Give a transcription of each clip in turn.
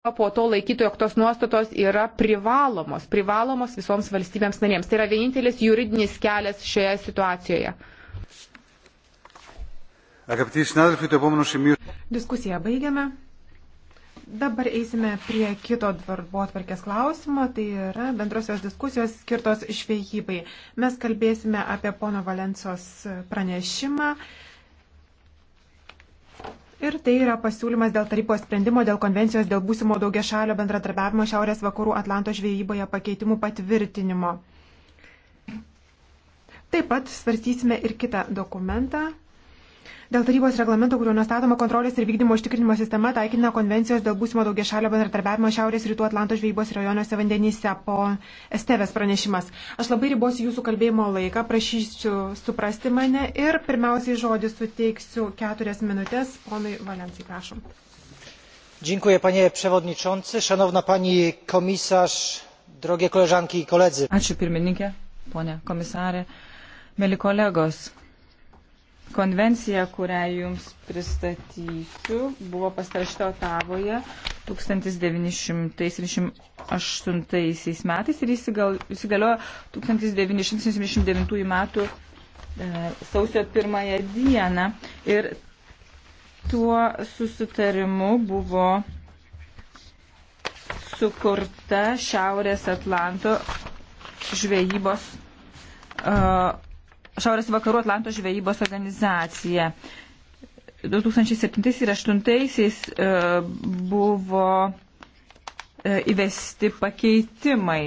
po to laikytų, jog tos nuostatos yra privalomos, privalomos visoms valstybėms narėms. Tai yra vienintelis juridinis kelias šioje situacijoje. Diskusiją baigiame. Dabar eisime prie kito darbo atvarkės klausimo, tai yra bendrosios diskusijos skirtos žvejybai. Mes kalbėsime apie pono Valencijos pranešimą. Ir tai yra pasiūlymas dėl tarybos sprendimo dėl konvencijos dėl būsimo daugia šalio bendradarbiavimo Šiaurės vakarų Atlanto žvejyboje pakeitimų patvirtinimo. Taip pat svarstysime ir kitą dokumentą Dėl tarybos reglamento, kuriuo nustatoma kontrolės ir vykdymo užtikrinimo sistema taikinė konvencijos dėl būsimo daugiašalio bendradarbiavimo Šiaurės rytų Atlanto žvejybos rajonuose vandenyse po Estevės pranešimas. Aš labai ribosiu jūsų kalbėjimo laiką, prašysiu suprasti mane ir pirmiausiai žodį suteiksiu keturias minutės. Ponui Valencijai, prašom. Dziękuję, panie przewodniczący, szanowna pani komisarz, drogie koleżanki i koledzy. Ačiū pirmininkė, ponė komisarė, mėly kolegos. Konvencija, kurią jums pristatysiu, buvo pasirašyta Otavoje 1978 metais ir įsigaliojo 1979 metų e, sausio pirmąją dieną. Ir tuo susitarimu buvo sukurta Šiaurės Atlanto žvejybos uh, Šiaurės vakarų Atlanto žvejybos organizacija. 2007 ir 2008 e, buvo e, įvesti pakeitimai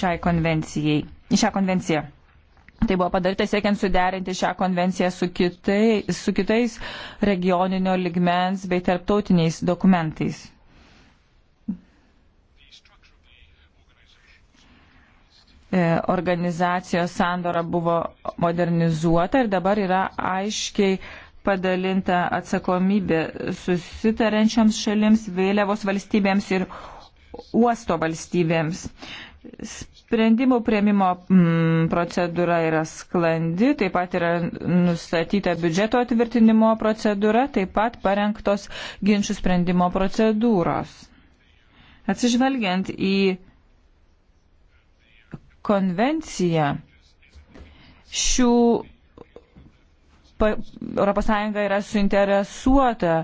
šiai konvencijai. Šią konvenciją. Tai buvo padaryta siekiant suderinti šią konvenciją su, kitai, su kitais regioninio ligmens bei tarptautiniais dokumentais. E, organizacijos sandora buvo modernizuota ir dabar yra aiškiai padalinta atsakomybė susitarančiams šalims, vėliavos valstybėms ir uosto valstybėms. Sprendimų prieimimo mm, procedūra yra sklandi, taip pat yra nustatyta biudžeto atvirtinimo procedūra, taip pat parengtos ginčių sprendimo procedūros. Atsižvelgiant į konvenciją. Šių pa, ES yra suinteresuota,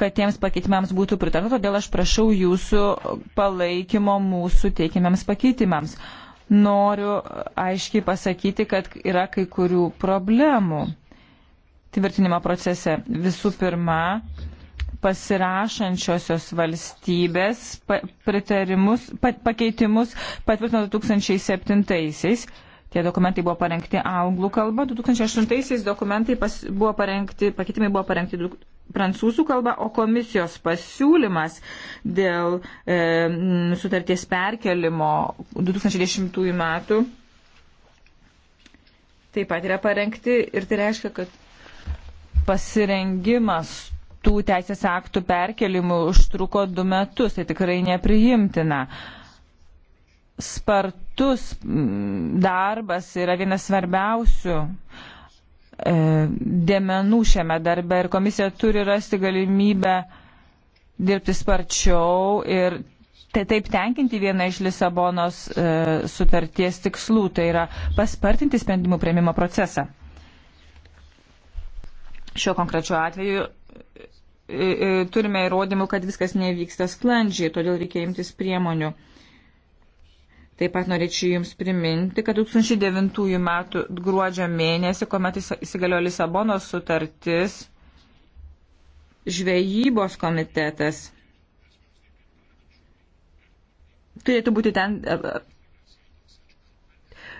kad tiems pakeitimams būtų pritarta, todėl aš prašau jūsų palaikymo mūsų teikiamiams pakeitimams. Noriu aiškiai pasakyti, kad yra kai kurių problemų tvirtinimo procese. Visų pirma, pasirašančiosios valstybės pritarimus, pakeitimus patvirtino 2007-aisiais. Tie dokumentai buvo parengti anglų kalba, 2008-aisiais dokumentai pas, buvo parengti, pakeitimai buvo parengti prancūzų kalba, o komisijos pasiūlymas dėl e, sutarties perkelimo 2010 metų taip pat yra parengti ir tai reiškia, kad pasirengimas tų teisės aktų perkelimų užtruko du metus, tai tikrai nepriimtina. Spartus mm, darbas yra vienas svarbiausių e, dėmenų šiame darbe ir komisija turi rasti galimybę dirbti sparčiau ir tai taip tenkinti vieną iš Lisabonos e, sutarties tikslų, tai yra paspartinti sprendimų prieimimo procesą. Šiuo konkrečiu atveju E, e, turime įrodymų, kad viskas nevyksta sklandžiai, todėl reikia imtis priemonių. Taip pat norėčiau Jums priminti, kad 2009 m. gruodžio mėnesį, kuomet įsigalio Lisabonos sutartis, žvejybos komitetas turėtų būti ten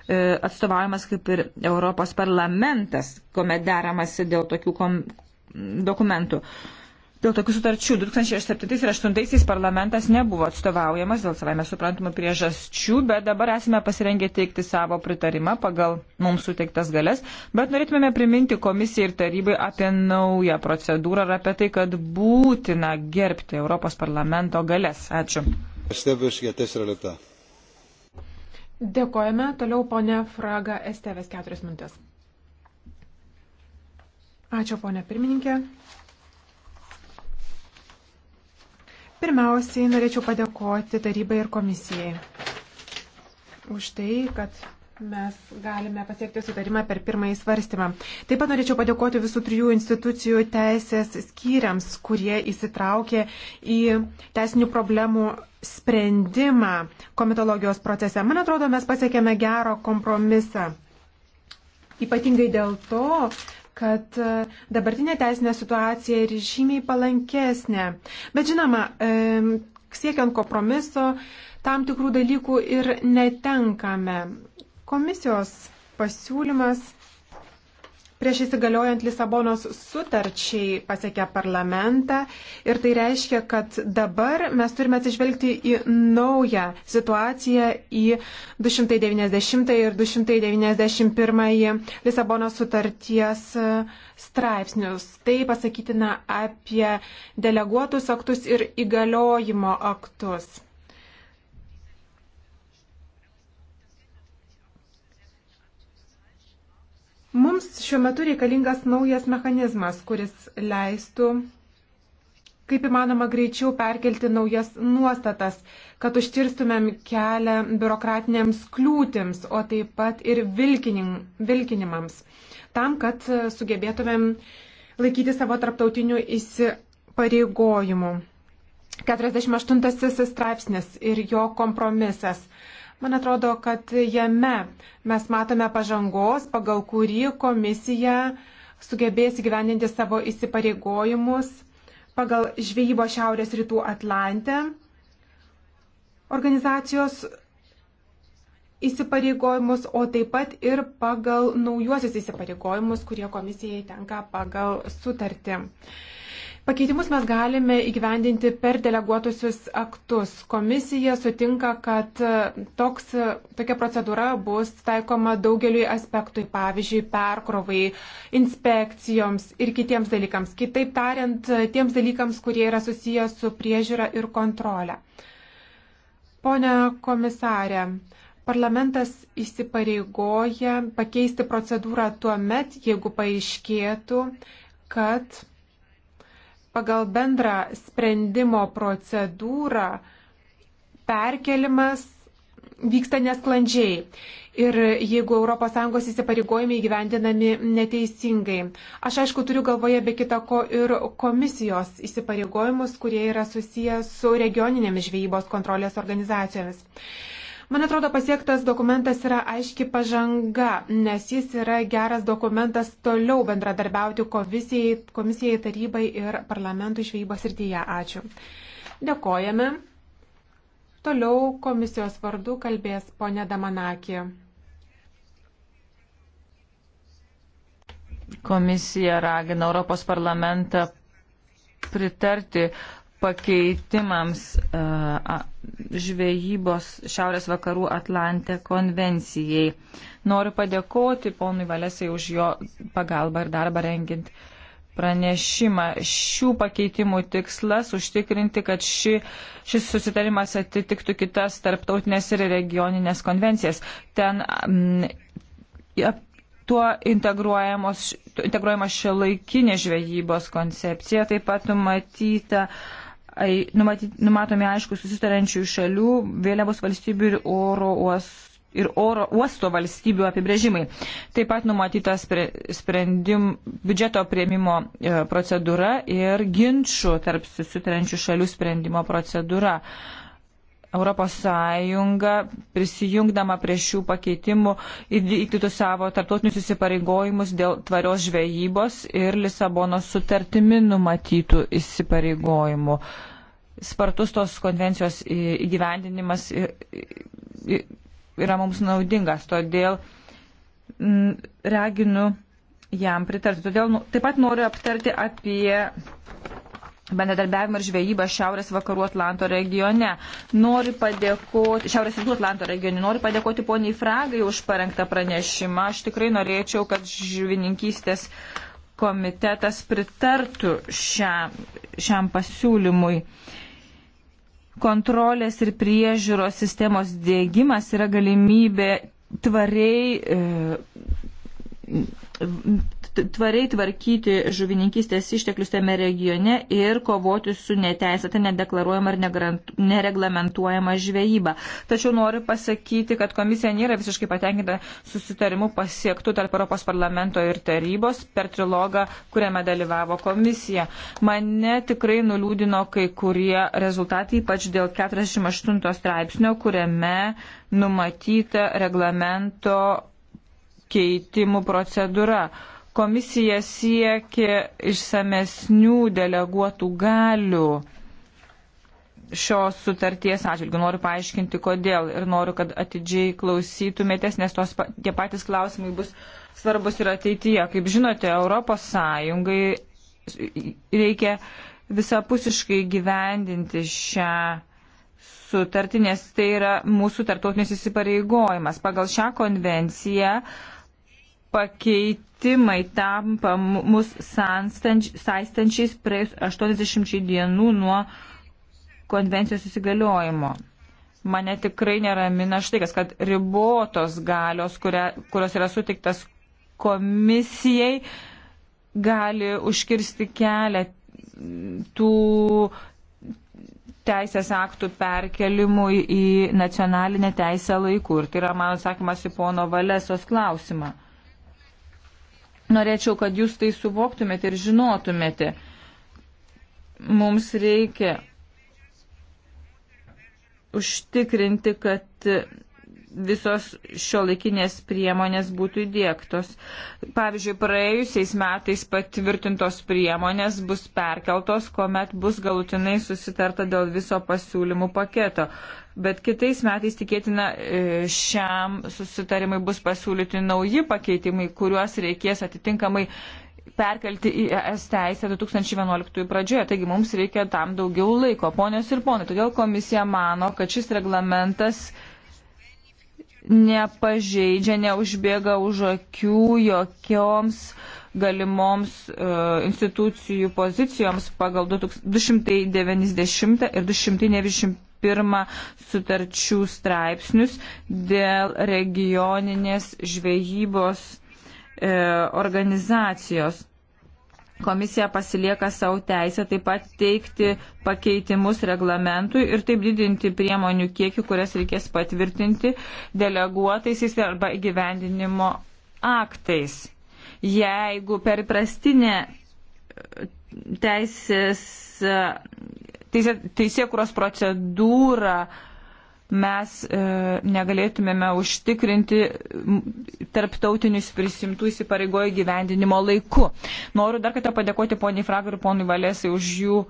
e, atstovaujamas kaip ir Europos parlamentas, kuomet deramasi dėl tokių kom, dokumentų. Dėl tokių sutarčių 2007 ir 2008 parlamentas nebuvo atstovaujamas dėl savame suprantamų priežasčių, bet dabar esame pasirengę teikti savo pritarimą pagal mums suteiktas galės, bet norėtume priminti komisijai ir tarybai apie naują procedūrą ir apie tai, kad būtina gerbti Europos parlamento galės. Ačiū. Dėkojame. Toliau ponė Fraga Estevės keturias minutės. Ačiū ponė pirmininkė. Pirmiausiai norėčiau padėkoti tarybai ir komisijai už tai, kad mes galime pasiekti sutarimą per pirmąjį svarstymą. Taip pat norėčiau padėkoti visų trijų institucijų teisės skyriams, kurie įsitraukė į teisinių problemų sprendimą komitologijos procese. Man atrodo, mes pasiekėme gerą kompromisą. Ypatingai dėl to, kad e, dabartinė teisinė situacija yra žymiai palankesnė. Bet žinoma, e, siekiant kompromiso, tam tikrų dalykų ir netenkame. Komisijos pasiūlymas prieš įsigaliojant Lisabonos sutarčiai pasiekė parlamentą ir tai reiškia, kad dabar mes turime atsižvelgti į naują situaciją į 290 ir 291 Lisabonos sutarties e, straipsnius. Tai pasakytina apie deleguotus aktus ir įgaliojimo aktus. Mums šiuo metu reikalingas naujas mechanizmas, kuris leistų kaip įmanoma greičiau perkelti naujas nuostatas, kad užtirstumėm kelią biurokratinėms kliūtims, o taip pat ir vilkinim, vilkinimams, tam, kad sugebėtumėm laikyti savo tarptautinių įsipareigojimų. 48 straipsnis ir jo kompromisas. Man atrodo, kad jame mes matome pažangos, pagal kurį komisija sugebės įgyvendinti savo įsipareigojimus pagal žvejybo Šiaurės rytų Atlantę. Organizacijos įsipareigojimus, o taip pat ir pagal naujuosius įsipareigojimus, kurie komisijai tenka pagal sutartį. Pakeitimus mes galime įgyvendinti per deleguotusius aktus. Komisija sutinka, kad e, toks, e, tokia procedūra bus taikoma daugeliui aspektui, pavyzdžiui, perkrovai, inspekcijoms ir kitiems dalykams. Kitaip tariant, e, tiems dalykams, kurie yra susijęs su priežiūra ir kontrole. Pone komisarė, Parlamentas įsipareigoja pakeisti procedūrą tuo met, jeigu paaiškėtų, kad pagal bendrą sprendimo procedūrą perkelimas vyksta nesklandžiai. Ir jeigu ES įsipareigojimai gyvendinami neteisingai. Aš aišku turiu galvoje be kita ko ir komisijos įsipareigojimus, kurie yra susijęs su regioninėmis žvejybos kontrolės organizacijomis. Man atrodo, pasiektas dokumentas yra aiški pažanga, nes jis yra geras dokumentas toliau bendradarbiauti komisijai, komisijai tarybai ir parlamentui žvejybos rytyje. Ačiū. Dėkojame. Toliau komisijos vardu kalbės ponė Damanakė. Komisija ragina Europos parlamentą pritarti pakeitimams e, žvejybos Šiaurės vakarų Atlantė konvencijai. Noriu padėkoti ponui Valesiai už jo pagalbą ir darbą rengint pranešimą. Šių pakeitimų tikslas užtikrinti, kad ši, šis susitarimas atitiktų kitas tarptautinės ir regioninės konvencijas. Ten m, mm, ja, tuo integruojamos šio laikinė žvejybos koncepcija, taip pat numatyta uh, numatomi aišku susitarančių šalių, vėliavos valstybių ir oro, uos, ir oro uosto valstybių apibrėžimai. Taip pat numatyta sprendim, biudžeto prieimimo e, procedūra ir ginčių tarp susitarančių šalių sprendimo procedūra. Uh, Europos Sąjunga prisijungdama prie šių pakeitimų įvykdytų savo tarptautinius įsipareigojimus dėl tvarios žvejybos ir Lisabonos sutartimi numatytų įsipareigojimų. Spartus tos konvencijos įgyvendinimas yra mums naudingas, todėl mm, raginu jam pritarti. Todėl nu- taip pat noriu aptarti apie bendradarbiavimą ir žvejybą Šiaurės vakarų Atlanto regione. Noriu padėkoti, Šiaurės rytų Atlanto regione, noriu padėkoti poniai Fragai už parengtą pranešimą. Aš tikrai norėčiau, kad žuvininkystės komitetas pritartų šiam, šiam pasiūlymui. Kontrolės ir priežiūros sistemos dėgymas yra galimybė tvariai e, tvariai tvarkyti žuvininkystės išteklius tame regione ir kovoti su neteisėta, nedeklaruojama ir nereglamentuojama žvejyba. Tačiau noriu pasakyti, kad komisija nėra visiškai patenkinta susitarimu pasiektų tarp Europos parlamento ir tarybos per trilogą, kuriame dalyvavo komisija. Mane tikrai nuliūdino kai kurie rezultatai, ypač dėl 48 straipsnio, kuriame numatyta reglamento pakeitimų procedūra. Komisija siekia išsamesnių deleguotų galių šios sutarties atžvilgių. Noriu paaiškinti, kodėl ir noriu, kad atidžiai klausytumėtės, nes tos, tie patys klausimai bus svarbus ir ateityje. Kaip žinote, Europos Sąjungai reikia visapusiškai gyvendinti šią sutartį, nes tai yra mūsų tartautinis įsipareigojimas. Pagal šią konvenciją uh, pakeitimai tampa mus saistančiais praėjus 80 dienų nuo konvencijos įsigaliojimo. Mane tikrai neramina štai kas, kad ribotos galios, kuria, kurios yra sutiktas komisijai, gali užkirsti kelią tų teisės aktų perkelimui į nacionalinę teisę laikų. Ir tai yra mano atsakymas į pono Valesos klausimą. Norėčiau, kad jūs tai suvoktumėte ir žinotumėte. Mums reikia užtikrinti, kad visos šiolaikinės priemonės būtų įdėktos. Pavyzdžiui, praėjusiais metais patvirtintos priemonės bus perkeltos, kuomet bus galutinai susitarta dėl viso pasiūlymų paketo. Bet kitais metais tikėtina e, šiam susitarimui bus pasiūlyti nauji pakeitimai, kuriuos reikės atitinkamai perkelti į ES teisę 2011 pradžioje. Taigi mums reikia tam daugiau laiko, ponios ir ponai. Todėl komisija mano, kad šis reglamentas nepažeidžia, neužbėga už akių jokioms galimoms uh, institucijų pozicijoms pagal 290 ir 291 sutarčių straipsnius dėl regioninės žvejybos uh, organizacijos. Komisija pasilieka savo teisę taip pat teikti pakeitimus reglamentui ir taip didinti priemonių kiekį, kurias reikės patvirtinti deleguotaisiais arba įgyvendinimo aktais. Jeigu per prastinę e, teisės, e, teisė, teisė kuros procedūrą mes e, negalėtumėme užtikrinti tarptautinius prisimtų įsipareigojo gyvendinimo laiku. Noriu dar kartą padėkoti poniai Fragai ir poniai Valėsai už jų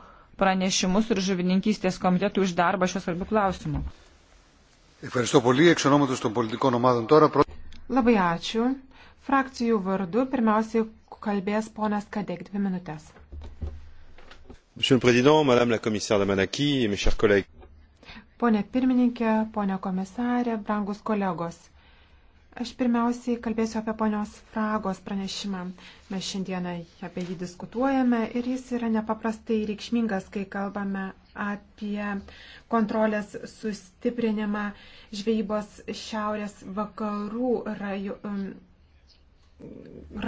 pranešimus ir žuvininkystės komitetų už darbą šios svarbių klausimų. Labai ačiū. Frakcijų vardu pirmiausiai kalbės ponas Kadek dvi minutės. Monsieur le Président, Madame la Commissaire Damanaki et mes chers collègues. Pone pirmininkė, pone komisarė, brangus kolegos. Aš pirmiausiai kalbėsiu apie ponios Fragos pranešimą. Mes šiandieną apie jį diskutuojame ir jis yra nepaprastai reikšmingas, kai kalbame apie kontrolės sustiprinimą žvejybos šiaurės vakarų raju,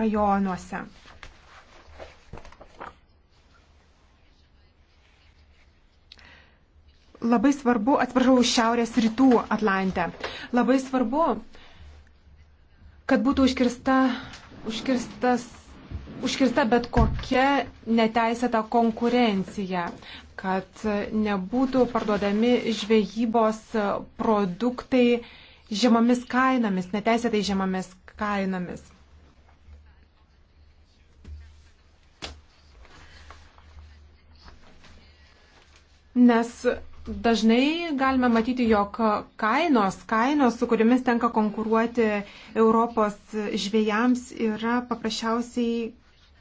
rajonuose. Labai svarbu, atsiprašau, Šiaurės rytų Atlantę. Labai svarbu, kad būtų užkirsta, užkirstas, užkirsta bet kokia neteisėta konkurencija, kad nebūtų parduodami žvejybos produktai žemomis kainomis, neteisėtai žemomis kainomis. Nes Dažnai galime matyti, jog kainos, kainos, su kuriamis tenka konkuruoti Europos žvėjams, yra paprasčiausiai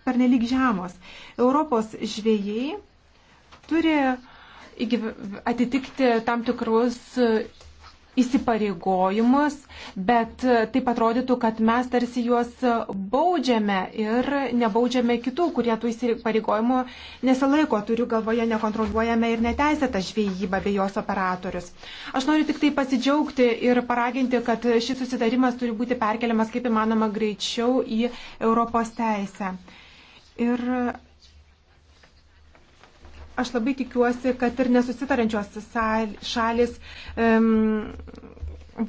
pernelyg žemos. Europos žvėjai turi atitikti tam tikrus įsipareigojimus, bet e, taip atrodytų, kad mes tarsi juos baudžiame ir nebaudžiame kitų, kurie tų įsipareigojimų nesilaiko, turiu galvoje nekontroliuojame ir neteisėtą žvejybą bei jos operatorius. Aš noriu tik tai pasidžiaugti ir paraginti, kad šis susitarimas turi būti perkeliamas kaip įmanoma greičiau į Europos teisę. Ir Aš labai tikiuosi, kad ir nesusitarančios šalis um,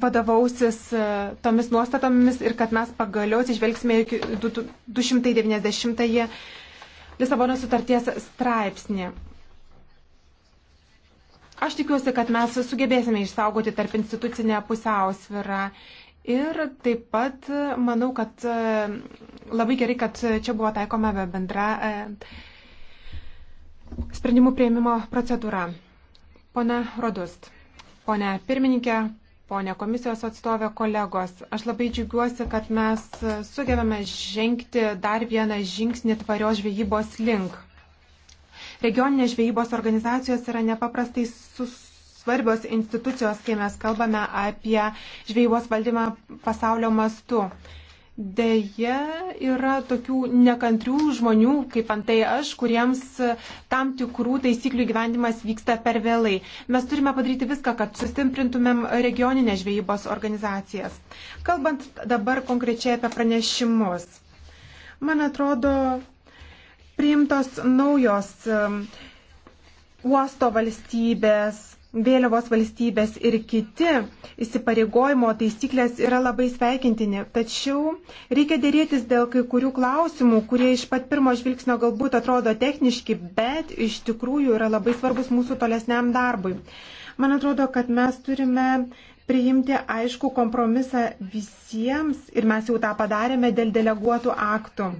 vadovausis e, tomis nuostatomis ir kad mes pagaliau atsižvelgsime iki 290 Lisabono sutarties straipsnį. Aš tikiuosi, kad mes sugebėsime išsaugoti tarp institucinę pusiausvirą. Ir taip pat e, manau, kad e, labai gerai, kad čia buvo taikoma bendra Sprendimų prieimimo procedūra. Pone Rodust, pone pirmininkė, Pone komisijos atstovė kolegos, aš labai džiugiuosi, kad mes sugebame žengti dar vieną žingsnį tvarios žvejybos link. Regioninės žvejybos organizacijos yra nepaprastai svarbios institucijos, kai mes kalbame apie žvejybos valdymą pasaulio mastu. Deja, yra tokių nekantrių žmonių, kaip antai aš, kuriems tam tikrų taisyklių gyvendimas vyksta per vėlai. Mes turime padaryti viską, kad sustiprintumėm regioninę žvejybos organizacijas. Kalbant dabar konkrečiai apie pranešimus. Man atrodo, priimtos naujos um, uosto valstybės vėliavos valstybės ir kiti įsipareigojimo taisyklės yra labai sveikintini. Tačiau reikia dėrėtis dėl kai kurių klausimų, kurie iš pat pirmo žvilgsnio galbūt atrodo techniški, bet iš tikrųjų yra labai svarbus mūsų tolesniam darbui. Man atrodo, kad mes turime priimti aišku kompromisą visiems ir mes jau tą padarėme dėl deleguotų aktų.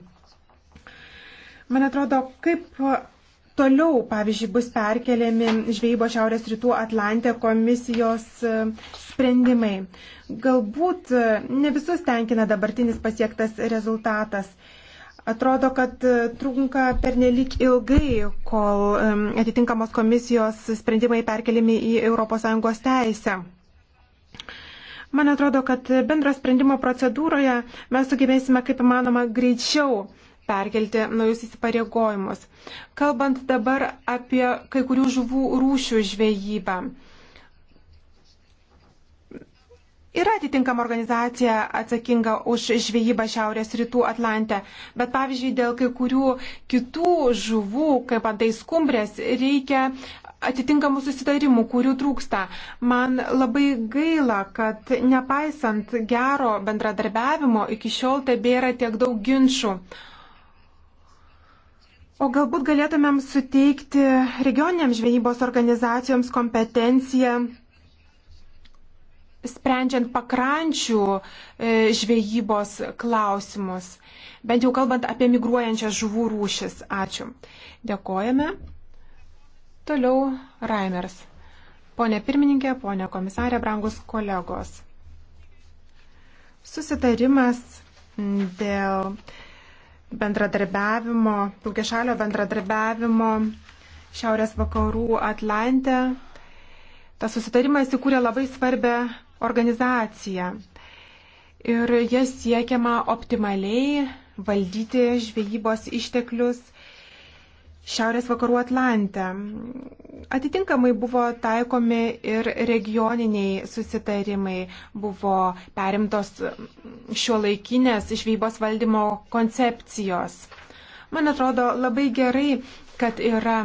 Man atrodo, kaip Toliau, pavyzdžiui, bus perkeliami žvejybo Šiaurės rytų Atlantė komisijos e, sprendimai. Galbūt e, ne visus tenkina dabartinis pasiektas rezultatas. Atrodo, kad e, trunka pernelik ilgai, kol atitinkamos komisijos sprendimai perkeliami į ES teisę. Man atrodo, kad bendro sprendimo procedūroje mes sugebėsime kaip įmanoma greičiau perkelti naujus įsipareigojimus. Kalbant dabar apie kai kurių žuvų rūšių žvejybą. Yra atitinkama organizacija atsakinga už žvejybą Šiaurės rytų Atlante, bet pavyzdžiui, dėl kai kurių kitų žuvų, kaip antai skumbrės, reikia atitinkamų susitarimų, kurių trūksta. Man labai gaila, kad nepaisant gero bendradarbiavimo, iki šiol tebėra tiek daug ginčių. O galbūt galėtumėm suteikti regioniniams žvejybos organizacijoms kompetenciją sprendžiant pakrančių e, žvejybos klausimus, bent jau kalbant apie migruojančias žuvų rūšis. Ačiū. Dėkojame. Toliau Raimers. Pone pirmininkė, pone komisarė, brangus kolegos. Susitarimas dėl bendradarbiavimo, daugiašalio bendradarbiavimo Šiaurės vakarų Atlante. Tas susitarimas įkūrė labai svarbę organizaciją. Ir jas siekiama optimaliai valdyti žvejybos išteklius Šiaurės vakarų Atlante. Atitinkamai buvo taikomi ir regioniniai susitarimai, buvo perimtos šio laikinės žvejybos valdymo koncepcijos. Man atrodo labai gerai, kad yra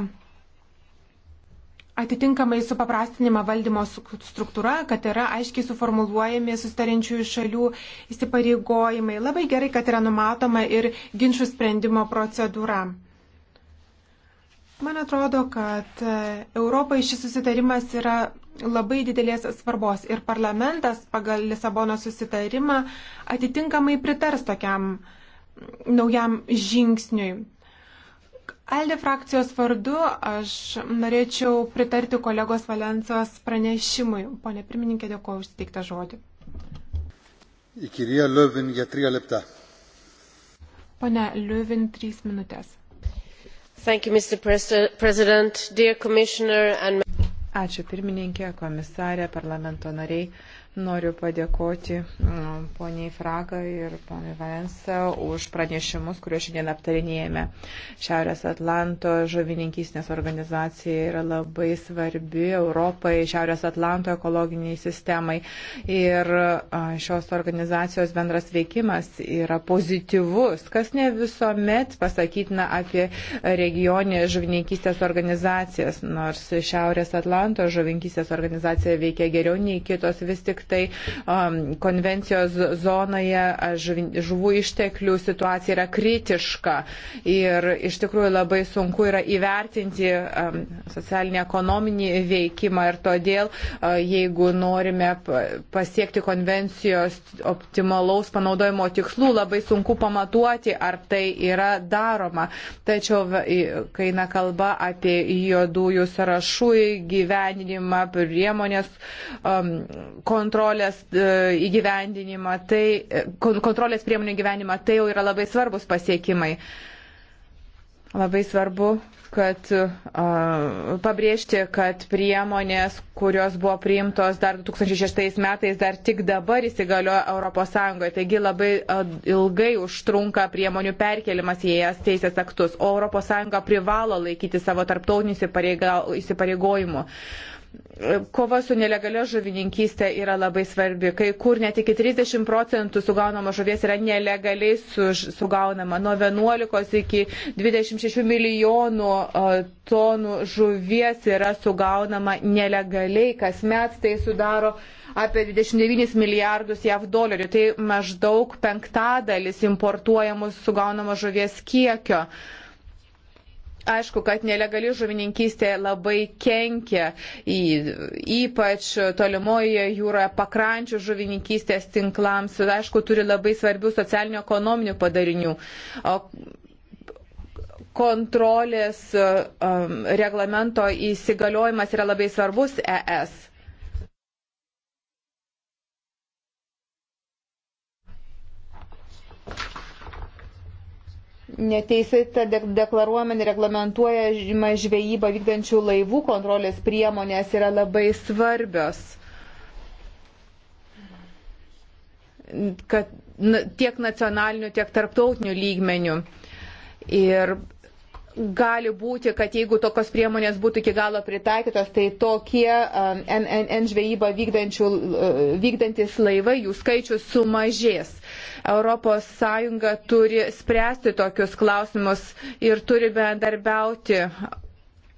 atitinkamai supaprastinima valdymo struktūra, kad yra aiškiai suformuluojami sustarinčiųjų šalių įsipareigojimai. Labai gerai, kad yra numatoma ir ginčių sprendimo procedūra. Man atrodo, kad e, Europai šis susitarimas yra labai didelės svarbos ir parlamentas pagal Lisabono susitarimą atitinkamai pritars tokiam naujam žingsniui. Alde frakcijos vardu aš norėčiau pritarti kolegos Valencijos pranešimui. Pone pirmininkė, dėkuoju už suteiktą žodį. Pone Liuvin, trys minutės. You, Ačiū pirmininkė, komisarė, parlamento nariai. Noriu padėkoti mm, poniai Fraga ir poniai Valensa už pranešimus, kuriuos šiandien aptarinėjame. Šiaurės Atlanto žuvininkysnės organizacija yra labai svarbi Europai, Šiaurės Atlanto ekologiniai sistemai. Ir šios organizacijos bendras veikimas yra pozityvus, kas ne visuomet pasakytina apie regioninės žuvininkystės organizacijas. Nors Šiaurės Atlanto žuvininkystės organizacija veikia geriau nei kitos, vis tik tik tai um, konvencijos zonoje žuvų išteklių situacija yra kritiška ir iš tikrųjų labai sunku yra įvertinti um, socialinį ekonominį veikimą ir todėl, uh, jeigu norime pasiekti konvencijos optimalaus panaudojimo tikslų, labai sunku pamatuoti, ar tai yra daroma. Tačiau, kai eina kalba apie juodųjų sąrašų įgyveninimą, priemonės um, kontrolę, kontrolės e, įgyvendinimą, tai e, kontrolės priemonių įgyvendinimą, tai jau yra labai svarbus pasiekimai. Labai svarbu, kad uh, pabrėžti, kad priemonės, kurios buvo priimtos dar 2006 metais, dar tik dabar įsigalioja ES. Taigi labai uh, ilgai užtrunka priemonių perkelimas į jas teisės aktus, o ES privalo laikyti savo tarptautinių įsipareigojimų. Kova su nelegalia žuvininkystė yra labai svarbi. Kai kur net iki 30 procentų sugaunama žuvies yra nelegaliai sugaunama. Nuo 11 iki 26 milijonų tonų žuvies yra sugaunama nelegaliai. Kasmet tai sudaro apie 29 milijardus JAV dolerių. Tai maždaug penktadalis importuojamos sugaunamos žuvies kiekio. Uh, Aišku, kad nelegali žuvininkystė labai kenkia, ypač tolimoje jūroje pakrančių žuvininkystės tinklams, aišku, turi labai svarbių socialinio ekonominių padarinių. O kontrolės um, reglamento įsigaliojimas yra labai svarbus ES. neteisėta deklaruojama, nereglamentuojama žvejyba vykdančių laivų kontrolės priemonės yra labai svarbios. Kad tiek nacionaliniu, tiek tarptautiniu lygmeniu. Ir gali būti, kad jeigu tokios priemonės būtų iki galo pritaikytos, tai tokie um, NNN žvejybą uh, vykdantis laivai, jų skaičius sumažės. ES turi spręsti tokius klausimus ir turi bendarbiauti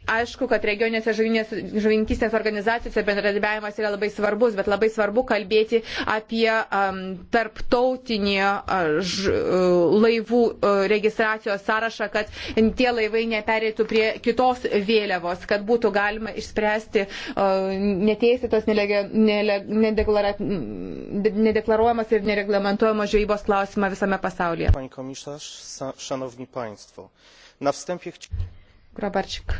Aišku, kad regioninėse žuvininkystės organizacijose bendradarbiavimas yra labai svarbus, bet labai svarbu kalbėti apie um, tarptautinį uh, ž, uh, laivų uh, registracijos sąrašą, kad tie laivai nepereitų prie kitos vėliavos, kad būtų galima išspręsti uh, neteisėtos, nedeklaruojamas ir nereglamentuojamas žvejybos klausimą visame pasaulyje. Pani komisarz, szanowni państwo, na wstępie chciałem. Grabarczyk.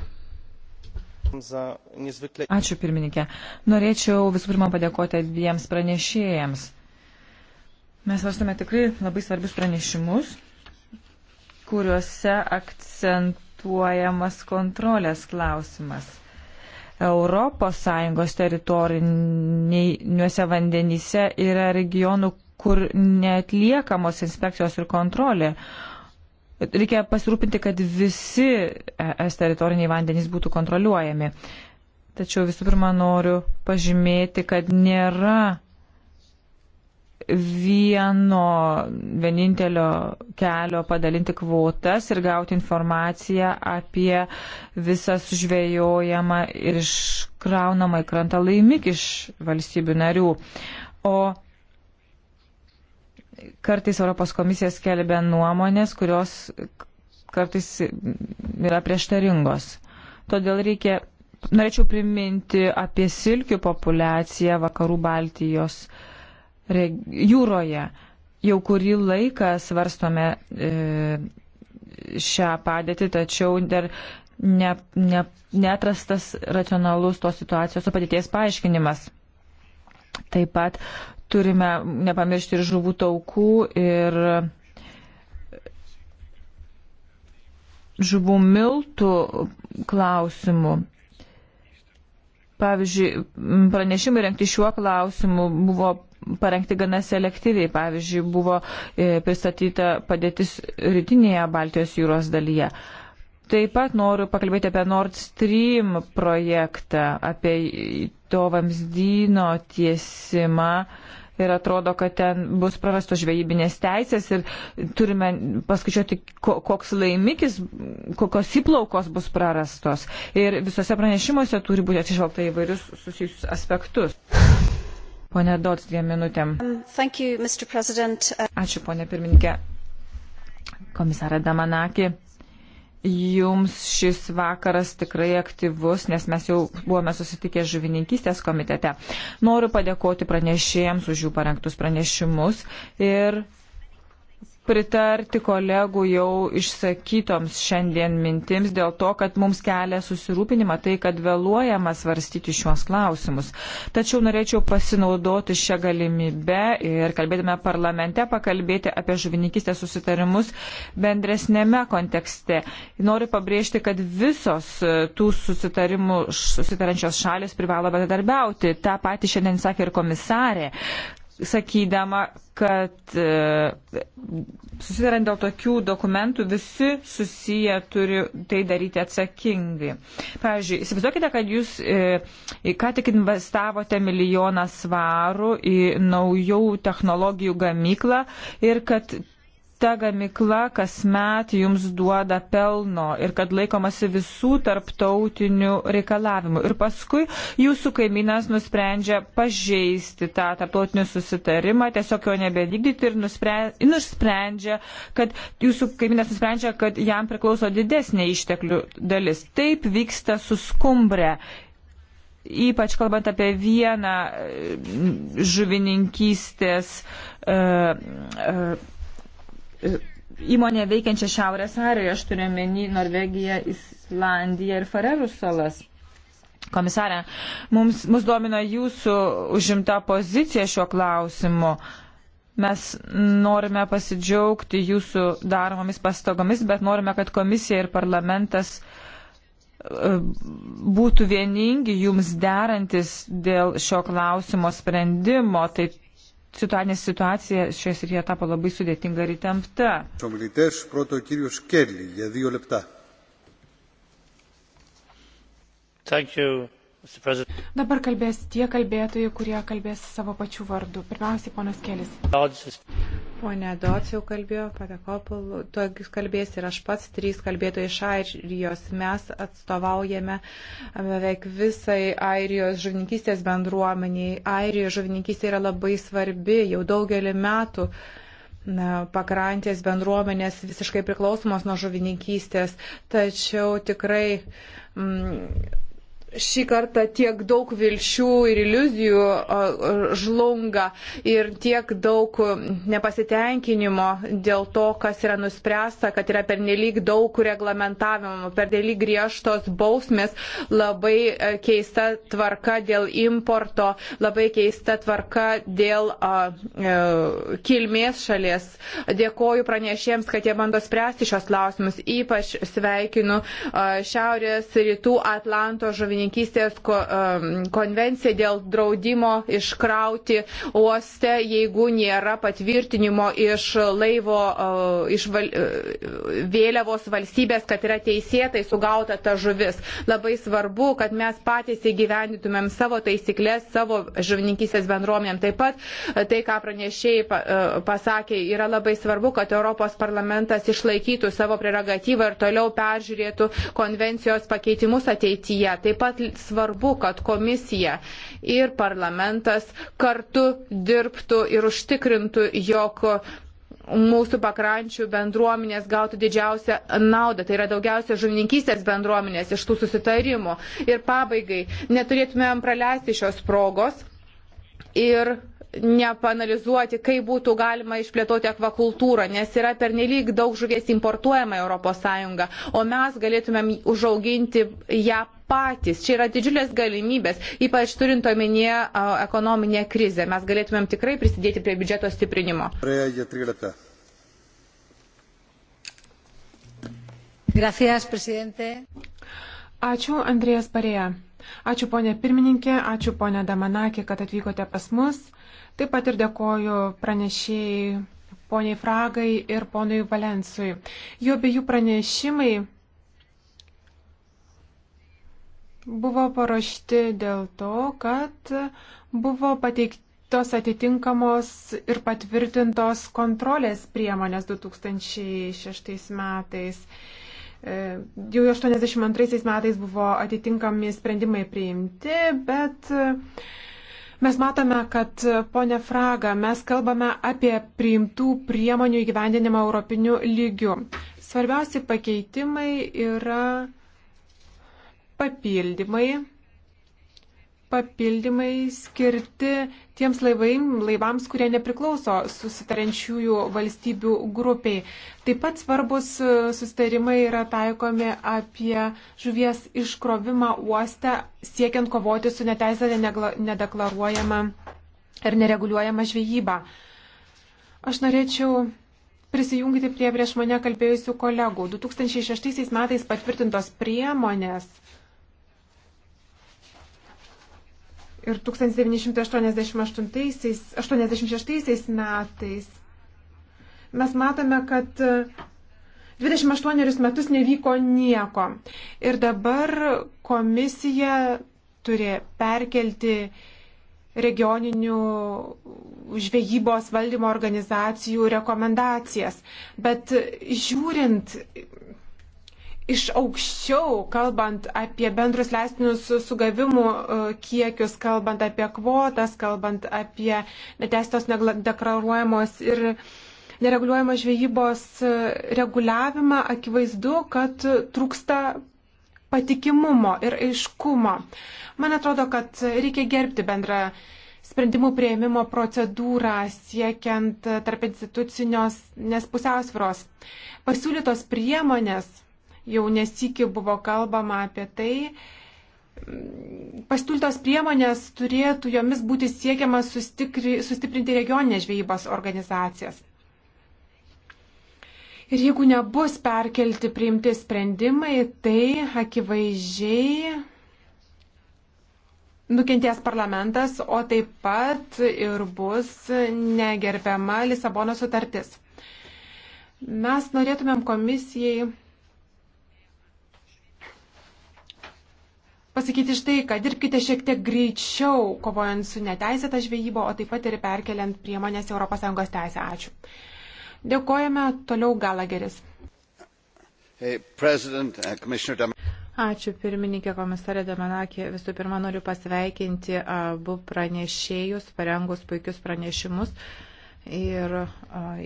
Ačiū pirmininkė. Norėčiau visų pirma padėkoti abiems pranešėjams. Mes svarstame tikrai labai svarbius pranešimus, kuriuose akcentuojamas kontrolės klausimas. ES teritoriniuose vandenyse yra regionų, kur netliekamos inspekcijos ir kontrolė, reikia pasirūpinti, kad visi es teritoriniai vandenys būtų kontroliuojami. Tačiau visų pirma noriu pažymėti, kad nėra vieno vienintelio kelio padalinti kvotas ir gauti informaciją apie visą sužvėjojamą ir iškraunamą į krantą laimikį iš valstybių narių. O Kartais Europos komisija skelbia nuomonės, kurios kartais yra prieštaringos. Todėl reikia, norėčiau priminti apie silkių populiaciją vakarų Baltijos jūroje. Jau kurį laiką svarstome e, šią padėtį, tačiau dar ne, ne, netrastas racionalus tos situacijos, o padėties paaiškinimas. Taip pat Turime nepamiršti ir žuvų taukų, ir žuvų miltų klausimų. Pavyzdžiui, pranešimai renkti šiuo klausimu buvo parengti gana selektyviai. Pavyzdžiui, buvo e, pristatyta padėtis rytinėje Baltijos jūros dalyje. Taip pat noriu pakalbėti apie Nord Stream projektą, apie to vamzdyno tiesimą ir atrodo, kad ten bus prarastos žvejybinės teisės ir turime paskaičiuoti, koks laimikis, kokios įplaukos bus prarastos. Ir visose pranešimuose turi būti atsižvelgta į vairius susijusius aspektus. Pone Dots, dviem minutėm. Um, thank you, uh, Ačiū, ponė pirmininkė. Komisarė Damanaki Jums šis vakaras tikrai aktyvus, nes mes jau buvome susitikę žuvininkystės komitete. Noriu padėkoti pranešėjams už jų parengtus pranešimus ir pritarti kolegų jau išsakytoms šiandien mintims dėl to, kad mums kelia susirūpinimą tai, kad vėluojama svarstyti šiuos klausimus. Tačiau norėčiau pasinaudoti šią galimybę ir kalbėtume parlamente pakalbėti apie žuvininkistės susitarimus bendresnėme kontekste. Noriu pabrėžti, kad visos tų susitarimų susitarančios šalis privalo bendradarbiauti. Ta pati šiandien sakė ir komisarė sakydama, kad e, susidarant dėl tokių dokumentų visi susiję turi tai daryti atsakingai. Pavyzdžiui, įsivaizduokite, kad jūs e, ką tik investavote milijoną svarų į naujų technologijų gamyklą ir kad ta gamikla kasmet jums duoda pelno ir kad laikomasi visų tarptautinių reikalavimų. Ir paskui jūsų kaimynas nusprendžia pažeisti tą tarptautinį susitarimą, tiesiog jo nebedygdyti ir nusprendžia, kad jūsų kaimynas nusprendžia, kad jam priklauso didesnė išteklių dalis. Taip vyksta su skumbre ypač kalbant apie vieną e, žuvininkystės e, e, įmonę veikiančią Šiaurės Airijoje, aš turiu menį Norvegiją, Islandiją ir Farerų salas. Komisarė, mums, mus domina jūsų užimta pozicija šiuo klausimu. Mes norime pasidžiaugti jūsų daromomis pastogomis, bet norime, kad komisija ir parlamentas e, būtų vieningi jums derantis dėl šio klausimo sprendimo, taip situacinė situacija šioje srityje tapo labai sudėtinga ir įtempta. Thank you, Dabar kalbės tie kalbėtojai, kurie kalbės savo pačių vardu. Pirmiausiai, ponas Kelis. Pone Dots jau kalbėjo, Patekopul, tu kalbės ir aš pats, trys kalbėtojai iš Airijos. Mes atstovaujame beveik visai Airijos žuvininkystės bendruomeniai. Airijos žuvininkystė yra labai svarbi jau daugelį metų na, pakrantės bendruomenės visiškai priklausomos nuo žuvininkystės, tačiau tikrai mm, šį kartą tiek daug vilčių ir iliuzijų žlunga ir tiek daug nepasitenkinimo dėl to, kas yra nuspręsta, kad yra pernelyg daug reglamentavimo, pernelyg griežtos bausmės, labai e, keista tvarka dėl importo, labai keista tvarka dėl a, a, e, kilmės šalies. Dėkoju pranešėjams, kad jie bando spręsti šios klausimus. Ypač sveikinu a, Šiaurės rytų Atlanto žuvinį bankininkystės konvencija dėl draudimo iškrauti uoste, jeigu nėra patvirtinimo iš laivo, iš val, e, vėliavos valstybės, kad yra teisėtai sugauta ta žuvis. Labai svarbu, kad mes patys įgyvendytumėm savo taisyklės, savo žuvininkystės bendruomėm. Taip pat e, tai, ką pranešėjai e, pasakė, yra labai svarbu, kad Europos parlamentas išlaikytų savo prerogatyvą ir toliau peržiūrėtų konvencijos pakeitimus ateityje. Taip pat pat svarbu, kad komisija ir parlamentas kartu dirbtų ir užtikrintų, jog mūsų pakrančių bendruomenės gautų didžiausią naudą, tai yra daugiausia žuvininkystės bendruomenės iš tų susitarimų. Ir pabaigai, neturėtumėm praleisti šios progos ir nepanalizuoti, kaip būtų galima išplėtoti akvakultūrą, nes yra pernelyg daug žuvies importuojama ES, o mes galėtumėm užauginti ją patys. Čia yra didžiulės galimybės, ypač turint omenyje ekonominę krizę. Mes galėtumėm tikrai prisidėti prie biudžeto stiprinimo. Gracias, Ačiū, Andrėjas Parėja. Ačiū, ponė pirmininkė, ačiū, ponė Damanakė, kad atvykote pas mus. Taip pat ir dėkoju pranešėjai, poniai Fragai ir ponui Valensui. Jo abiejų pranešimai buvo paruošti dėl to, kad buvo pateiktos atitinkamos ir patvirtintos kontrolės priemonės 2006 metais. E, jau 82 metais buvo atitinkami sprendimai priimti, bet e, mes matome, kad, ponė Fraga, mes kalbame apie priimtų priemonių įgyvendinimą europiniu lygiu. Svarbiausi pakeitimai yra papildymai, papildymai skirti tiems laivai, laivams, kurie nepriklauso susitarančiųjų valstybių grupiai. Taip pat svarbus e, susitarimai yra taikomi apie žuvies iškrovimą uoste, siekiant kovoti su neteisę nedeklaruojama ir nereguliuojama žvejyba. Aš norėčiau prisijungti prie prieš mane kalbėjusių kolegų. 2006 metais patvirtintos priemonės Ir 1986 metais mes matome, kad 28 e, metus nevyko nieko. Ir dabar komisija turi perkelti regioninių žvejybos valdymo organizacijų rekomendacijas. Bet žiūrint iš aukščiau, kalbant apie bendrus leistinus sugavimų e, kiekius, kalbant apie kvotas, kalbant apie netestos deklaruojamos ir nereguliuojamos žvejybos e, reguliavimą, akivaizdu, kad trūksta patikimumo ir aiškumo. Man atrodo, kad reikia gerbti bendrą sprendimų prieimimo procedūrą siekiant tarp institucinios pusiausvėros. Pasiūlytos priemonės jau nesikį buvo kalbama apie tai. Pasiūlytos priemonės turėtų jomis būti siekiama sustikri, sustiprinti regioninės žvejybos organizacijas. Ir jeigu nebus perkelti priimti sprendimai, tai akivaizdžiai nukentės parlamentas, o taip pat ir bus negerbiama Lisabono sutartis. Mes norėtumėm komisijai pasakyti štai, kad dirbkite šiek tiek greičiau, kovojant su neteisėta žvejyba, o taip pat ir perkeliant priemonės ES teisę. Ačiū. Dėkojame toliau Galageris. Uh, Ačiū pirmininkė komisarė Demenakė. Visų pirma, noriu pasveikinti uh, abu pranešėjus, parengus puikius pranešimus. Uh, Ir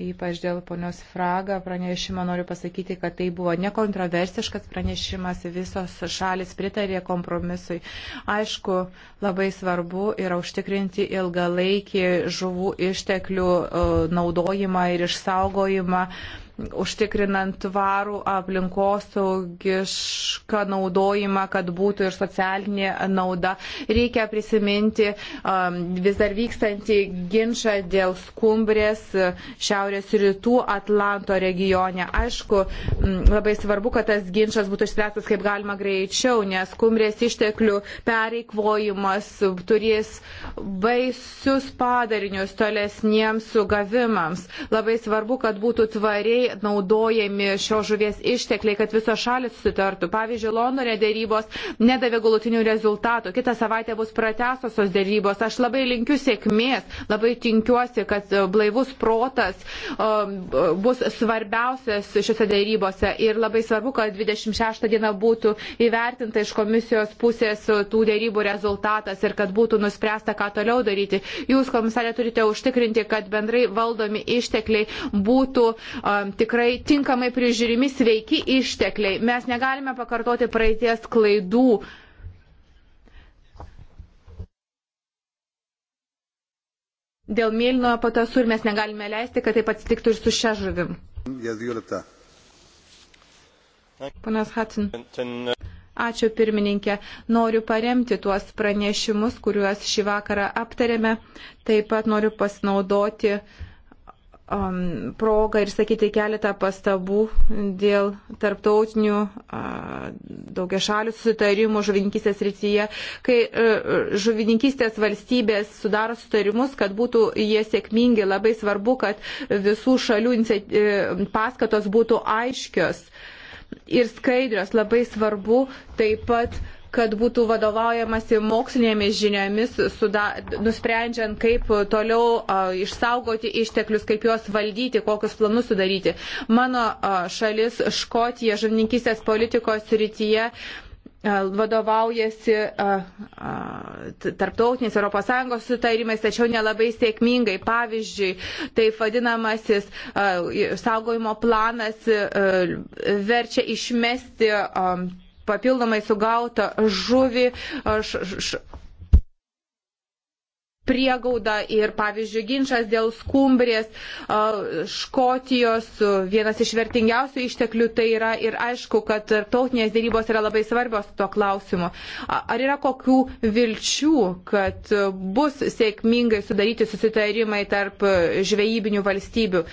ypač dėl ponios Fraga pranešimo noriu pasakyti, kad tai buvo nekontroversiškas pranešimas, visos šalis pritarė kompromisui. Aišku, labai svarbu yra užtikrinti ilgalaikį žuvų išteklių naudojimą ir išsaugojimą užtikrinant tvarų aplinkosaugišką naudojimą, kad būtų ir socialinė nauda. Reikia prisiminti um, vis dar vykstantį ginčą dėl skumbrės uh, šiaurės rytų Atlanto regione. Aišku, labai svarbu, kad tas ginčas būtų išspręstas kaip galima greičiau, nes skumbrės išteklių pereikvojimas turės baisius padarinius tolesniems sugavimams. Labai svarbu, kad būtų tvariai naudojami šios žuvies ištekliai, kad visos šalis susitartų. Pavyzdžiui, Londone dėrybos nedavė galutinių rezultatų. Kita savaitė bus pratesosios dėrybos. Aš labai linkiu sėkmės, labai tinkiuosi, kad e, blaivus protas e, bus svarbiausias šiuose dėrybose. Ir labai svarbu, kad 26 diena būtų įvertinta iš komisijos pusės tų dėrybų rezultatas ir kad būtų nuspręsta, ką toliau daryti. Jūs, komisarė, turite užtikrinti, kad bendrai valdomi ištekliai būtų um, tikrai tinkamai prižiūrimi sveiki ištekliai. Mes negalime pakartoti praeities klaidų. Dėl mėlynojo patasų ir mes negalime leisti, kad taip atsitiktų ir su šia žuvim. Ponas Hatin. Ačiū pirmininkė. Noriu paremti tuos pranešimus, kuriuos šį vakarą aptarėme. Taip pat noriu pasinaudoti uh, um, progą ir sakyti keletą pastabų dėl tarptautinių uh, daugiašalių susitarimų žuvininkystės rytyje, kai uh, žuvininkystės valstybės sudaro susitarimus, kad būtų jie sėkmingi, labai svarbu, kad visų šalių uh, paskatos būtų aiškios. Ir skaidrios labai svarbu taip pat uh, kad būtų vadovaujamasi mokslinėmis žiniomis, suda, nusprendžiant, kaip toliau a, išsaugoti išteklius, kaip juos valdyti, kokius planus sudaryti. Mano a, šalis Škotija žuvininkystės politikos rytyje vadovaujasi tarptautiniais ES sutarimais, tačiau nelabai sėkmingai. Pavyzdžiui, taip vadinamasis a, saugojimo planas verčia išmesti papildomai sugautą žuvį. Aš, aš, priegauda ir, pavyzdžiui, ginčas dėl skumbrės Škotijos, vienas iš vertingiausių išteklių tai yra ir aišku, kad tarptautinės dėrybos yra labai svarbios tuo klausimu. Ar yra kokių vilčių, kad bus sėkmingai sudaryti susitarimai tarp žvejybinių valstybių?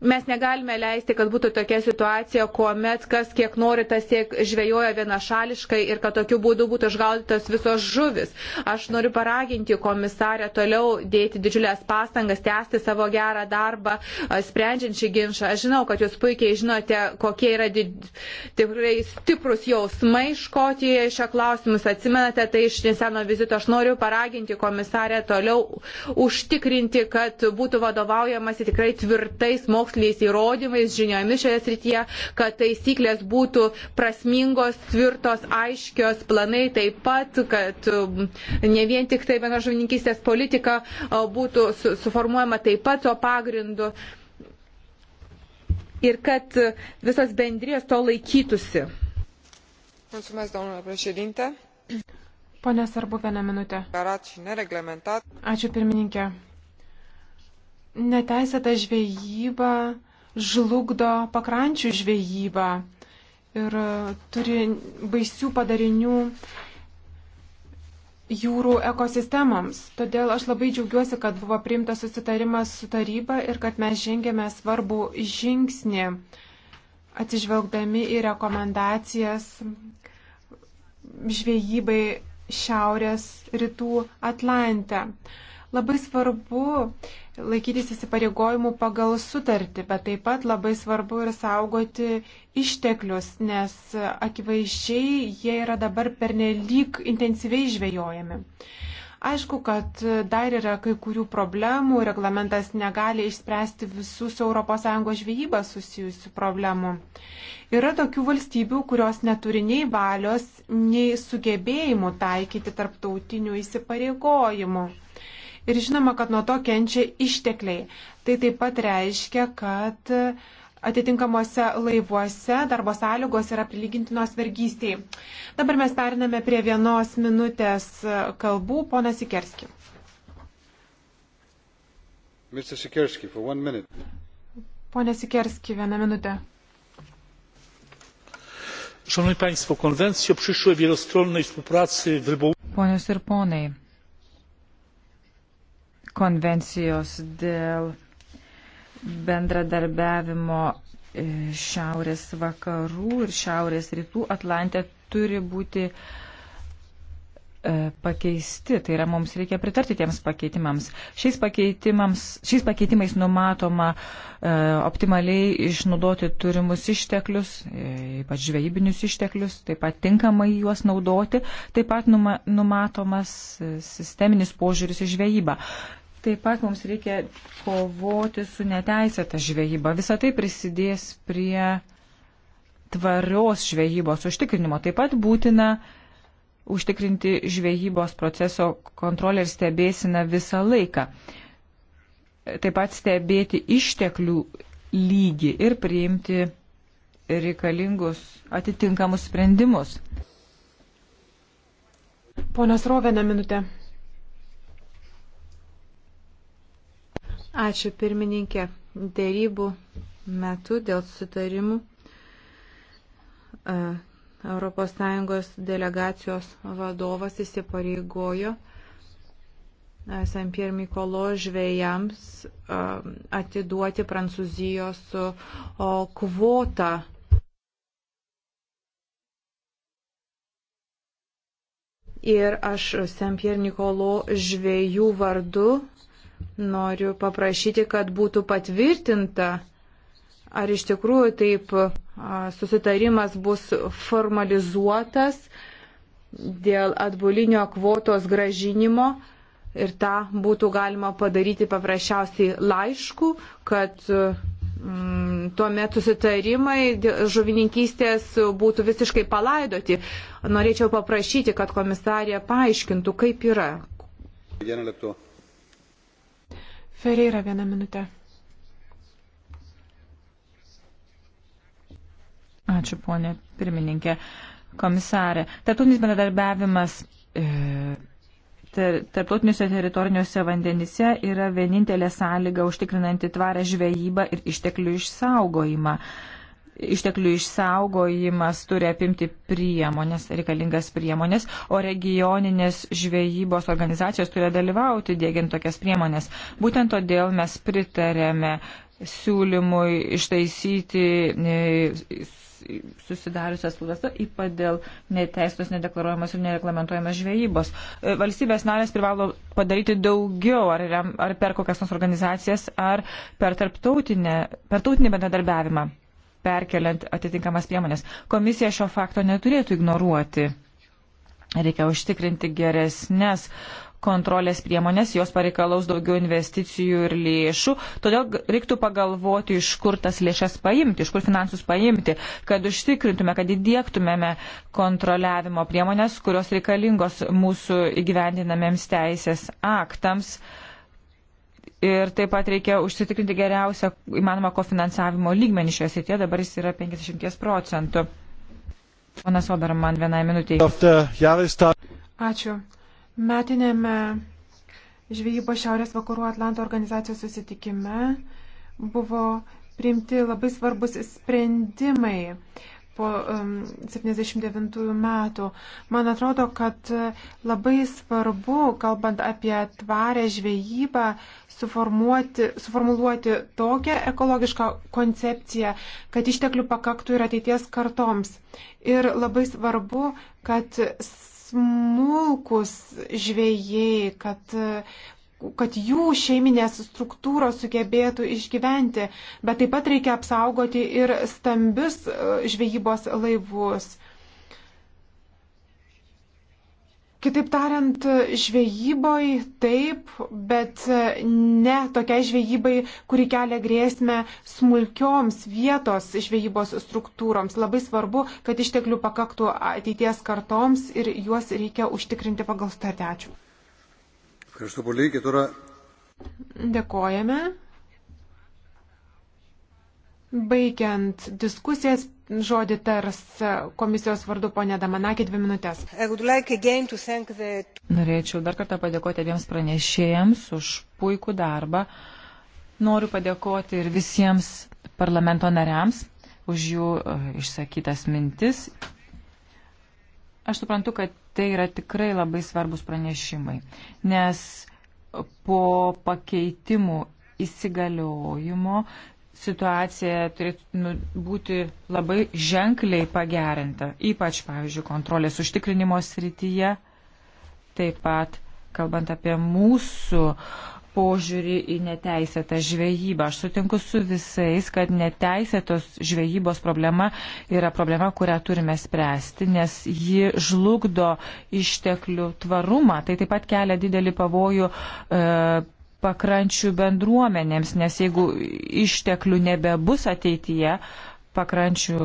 Mes negalime leisti, kad būtų tokia situacija, kuomet kas kiek nori, tas tiek žvejoja vienašališkai ir kad tokiu būdu būtų išgaudytos visos žuvis. Aš noriu paraginti komisarę toliau dėti didžiulės pastangas, tęsti savo gerą darbą, sprendžiant šį ginčą. Aš žinau, kad jūs puikiai žinote, kokie yra did... tikrai stiprus jausmai Škotijoje šio klausimus. Atsimenate tai iš neseno vizito. Aš noriu paraginti komisarę toliau užtikrinti, kad būtų vadovaujamasi tikrai tvirtais mokslininkais moksliniais įrodymais, žiniomis šioje srityje, kad taisyklės būtų prasmingos, tvirtos, aiškios, planai taip pat, kad um, ne vien tik tai bendražuvininkystės politika uh, būtų suformuojama taip pat to pagrindu ir kad uh, visos bendrijos to laikytųsi. Mulțumesc, domnule președinte. Pone Sarbu, vieną minutę. Ačiū pirmininkė. Neteisėta žvejyba žlugdo pakrančių žvejybą ir turi baisių padarinių jūrų ekosistemams. Todėl aš labai džiaugiuosi, kad buvo priimtas susitarimas su taryba ir kad mes žengėme svarbų žingsnį atsižvelgdami į rekomendacijas žvejybai Šiaurės rytų Atlante. Labai svarbu laikytis įsipareigojimų pagal sutartį, bet taip pat labai svarbu ir saugoti išteklius, nes akivaizdžiai jie yra dabar pernelyg intensyviai žvejojami. Aišku, kad dar yra kai kurių problemų, reglamentas negali išspręsti visų su ES žvejyba susijusių problemų. Yra tokių valstybių, kurios neturi nei valios, nei sugebėjimų taikyti tarptautinių įsipareigojimų. Ir žinoma, kad nuo to kenčia ištekliai. Tai taip pat reiškia, kad atitinkamuose laivuose darbo sąlygos yra prilygintinos vergystiai. Dabar mes periname prie vienos minutės kalbų. Ponas Sikerski. Sikerski Pone Sikerski, vieną minutę. Szanowni Państwo, konwencja o przyszłej wielostronnej współpracy w rybołówstwie. Ponios ir ponai, konvencijos dėl bendradarbiavimo e, šiaurės vakarų ir šiaurės rytų Atlantė turi būti e, pakeisti, tai yra mums reikia pritarti tiems pakeitimams. Šiais, pakeitimams, šiais pakeitimais numatoma e, optimaliai išnaudoti turimus išteklius, e, ypač žvejybinius išteklius, taip pat tinkamai juos naudoti, taip pat numa, numatomas e, sisteminis požiūris į žvejybą. Taip pat mums reikia kovoti su neteisėta žvejyba. Visą tai prisidės prie tvarios žvejybos užtikrinimo. Taip pat būtina užtikrinti žvejybos proceso kontrolę ir stebėsiną visą laiką. Taip pat stebėti išteklių lygį ir priimti reikalingus atitinkamus sprendimus. Ponas Rovena minutė. Ačiū pirmininkė. Dėrybų metu dėl sutarimų ES delegacijos vadovas įsipareigojo e, Saint-Pierre Mikolo žvėjams e, atiduoti Prancūzijos e, kvotą ir aš Sempier Nikolo žvėjų vardu Noriu paprašyti, kad būtų patvirtinta, ar iš tikrųjų taip susitarimas bus formalizuotas dėl atbulinio kvotos gražinimo ir tą būtų galima padaryti paprasčiausiai laišku, kad mm, tuomet susitarimai žuvininkystės būtų visiškai palaidoti. Norėčiau paprašyti, kad komisarė paaiškintų, kaip yra. Vieną lėktuvą. Ferreira vieną minutę. Ačiū, ponė pirmininkė, komisarė. Tartutinis bendradarbiavimas e, tarptautiniuose teritoriniuose vandenyse yra vienintelė sąlyga užtikrinanti tvarę žvejybą ir išteklių išsaugojimą. E, išteklių išsaugojimas turi apimti priemonės, reikalingas priemonės, o regioninės žvejybos organizacijos turi dalyvauti dėgiant tokias priemonės. Būtent todėl mes pritarėme siūlymui ištaisyti e, susidariusias klaidas, ypač dėl neteistos, nedeklaruojamos ir nereglamentuojamos žvejybos. E, valstybės narės privalo padaryti daugiau, ar, ar per kokias nors organizacijas, ar per, per tautinį bendradarbiavimą perkeliant atitinkamas priemonės. Komisija šio fakto neturėtų ignoruoti. Reikia užtikrinti geresnės kontrolės priemonės, jos pareikalaus daugiau investicijų ir lėšų, todėl reiktų pagalvoti, iš kur tas lėšas paimti, iš kur finansus paimti, kad užtikrintume, kad įdėktumėme kontroliavimo priemonės, kurios reikalingos mūsų įgyvendinamiems teisės aktams. Uh, Ir taip pat reikia užsitikrinti geriausią įmanomą kofinansavimo lygmenį šioje srityje, dabar jis yra 50 procentų. Ponas Oberman, vienai minutėjai. Ačiū. Metinėme žvejybos Šiaurės vakarų Atlanto organizacijos susitikime buvo priimti labai svarbus sprendimai po 79 metų. Man atrodo, kad labai svarbu, kalbant apie tvarę žvejybą, suformuluoti tokią ekologišką koncepciją, kad išteklių pakaktų ir ateities kartoms. Ir labai svarbu, kad smulkus žvėjai, kad kad jų šeiminės struktūros sugebėtų išgyventi, bet taip pat reikia apsaugoti ir stambius e, žvejybos laivus. Kitaip tariant, žvejyboj taip, bet ne tokiai žvejybai, kuri kelia grėsmę smulkioms vietos žvejybos struktūroms. Labai svarbu, kad išteklių pakaktų ateities kartoms ir juos reikia užtikrinti pagal statį. Ačiū. Dėkojame. Baigiant diskusijas, žodį tars komisijos vardu ponė Damanakė dvi minutės. Norėčiau dar kartą padėkoti abiems pranešėjams už puikų darbą. Noriu padėkoti ir visiems parlamento nariams už jų e, išsakytas mintis Aš suprantu, kad tai yra tikrai labai svarbus pranešimai, nes po pakeitimų įsigaliojimo situacija turėtų nu, būti labai ženkliai pagerinta, ypač, pavyzdžiui, kontrolės užtikrinimo srityje, taip pat kalbant apie mūsų uh, požiūrį į neteisėtą žvejybą. Aš sutinku su visais, kad neteisėtos žvejybos problema yra problema, kurią turime spręsti, nes ji žlugdo išteklių tvarumą. Tai taip pat kelia didelį pavojų. E, pakrančių bendruomenėms, nes jeigu išteklių nebebus ateityje, pakrančių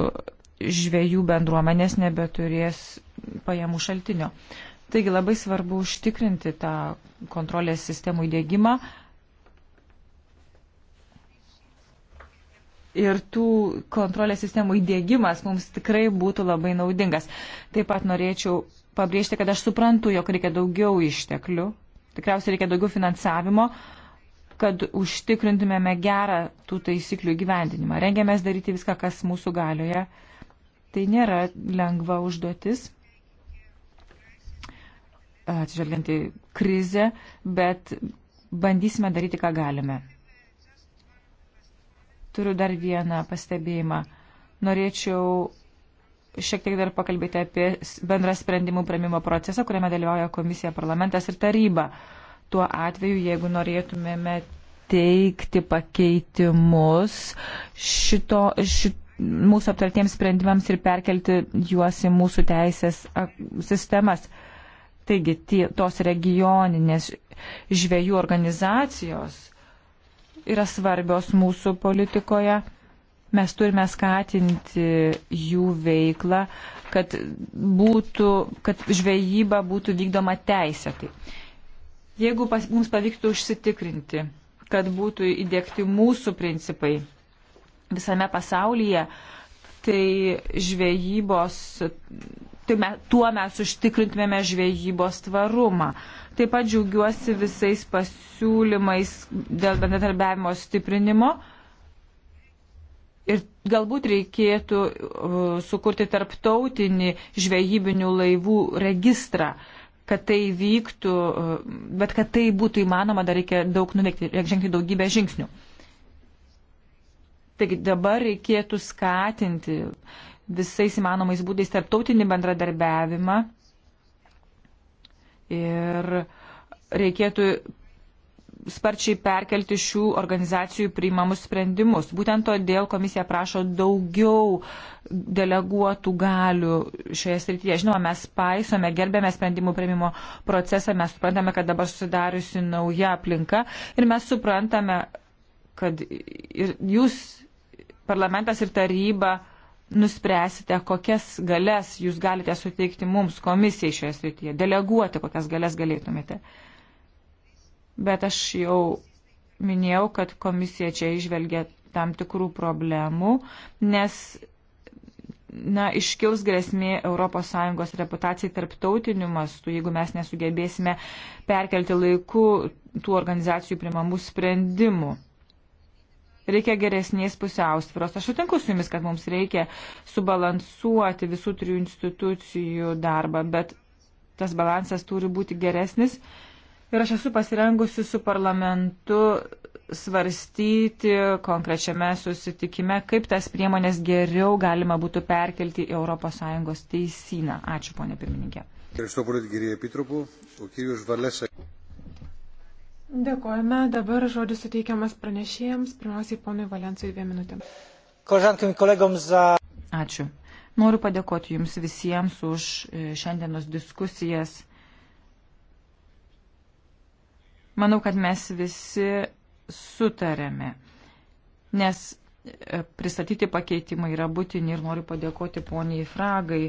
žvėjų bendruomenės nebeturės pajamų šaltinio. Taigi labai svarbu užtikrinti tą kontrolės sistemų įdėgymą ir tų kontrolės sistemų įdėgymas mums tikrai būtų labai naudingas. Taip pat norėčiau pabrėžti, kad aš suprantu, jog reikia daugiau išteklių, tikriausiai reikia daugiau finansavimo, kad užtikrintumėme gerą tų taisyklių gyvendinimą. Rengiamės daryti viską, kas mūsų galioje. Tai nėra lengva užduotis atsižvelgiant į krizę, bet bandysime daryti, ką galime. Turiu dar vieną pastebėjimą. Norėčiau šiek tiek dar pakalbėti apie bendrą sprendimų prieimimo procesą, kuriame dalyvauja komisija, parlamentas ir taryba. Tuo atveju, jeigu norėtumėme teikti pakeitimus šito, šit, mūsų aptartiems sprendimams ir perkelti juos į mūsų teisės sistemas. Uh, Taigi tie, tos regioninės žvėjų organizacijos yra svarbios mūsų politikoje. Mes turime skatinti jų veiklą, kad, būtų, kad žvejyba būtų vykdoma teisėtai. Jeigu pas, mums pavyktų užsitikrinti, kad būtų įdėkti mūsų principai visame pasaulyje, tai žvejybos tai me, tuo mes užtikrintumėme žvejybos tvarumą. Taip pat džiaugiuosi visais pasiūlymais dėl bendradarbiavimo stiprinimo. Ir galbūt reikėtų uh, sukurti tarptautinį žvejybinių laivų registrą, kad tai vyktų, uh, bet kad tai būtų įmanoma, dar reikia daug nuveikti, reikia žengti daugybę žingsnių. Taigi dabar reikėtų skatinti uh, visais įmanomais būdais tarptautinį bendradarbiavimą ir reikėtų sparčiai perkelti šių organizacijų priimamus sprendimus. Būtent todėl komisija prašo daugiau deleguotų galių šioje srityje. Žinoma, mes paisome, gerbėme sprendimų priimimo procesą, mes suprantame, kad dabar susidariusi nauja aplinka ir mes suprantame, kad ir jūs, parlamentas ir taryba, nuspręsite, kokias galės jūs galite suteikti mums komisijai šioje srityje, deleguoti, kokias galės galėtumėte. Bet aš jau minėjau, kad komisija čia išvelgia tam tikrų problemų, nes na, iškils grėsmė ES reputacijai tarptautiniu mastu, jeigu mes nesugebėsime perkelti laiku tų organizacijų primamų sprendimų. Reikia geresnės pusiausvyros. Aš sutinku su jumis, kad mums reikia subalansuoti visų trijų institucijų darbą, bet tas balansas turi būti geresnis. Ir aš esu pasirengusi su parlamentu svarstyti konkrečiame susitikime, kaip tas priemonės geriau galima būtų perkelti į ES teisyną. Ačiū, ponė pirmininkė. Dėkojame. Dabar žodis suteikiamas pranešėjams. Pirmiausiai ponui Valensui dviem minutėm. Koležankim kolegom za. Ačiū. Noriu padėkoti Jums visiems už e, šiandienos diskusijas. Manau, kad mes visi sutarėme, nes e, pristatyti pakeitimai yra būtini ir noriu padėkoti poniai Fragai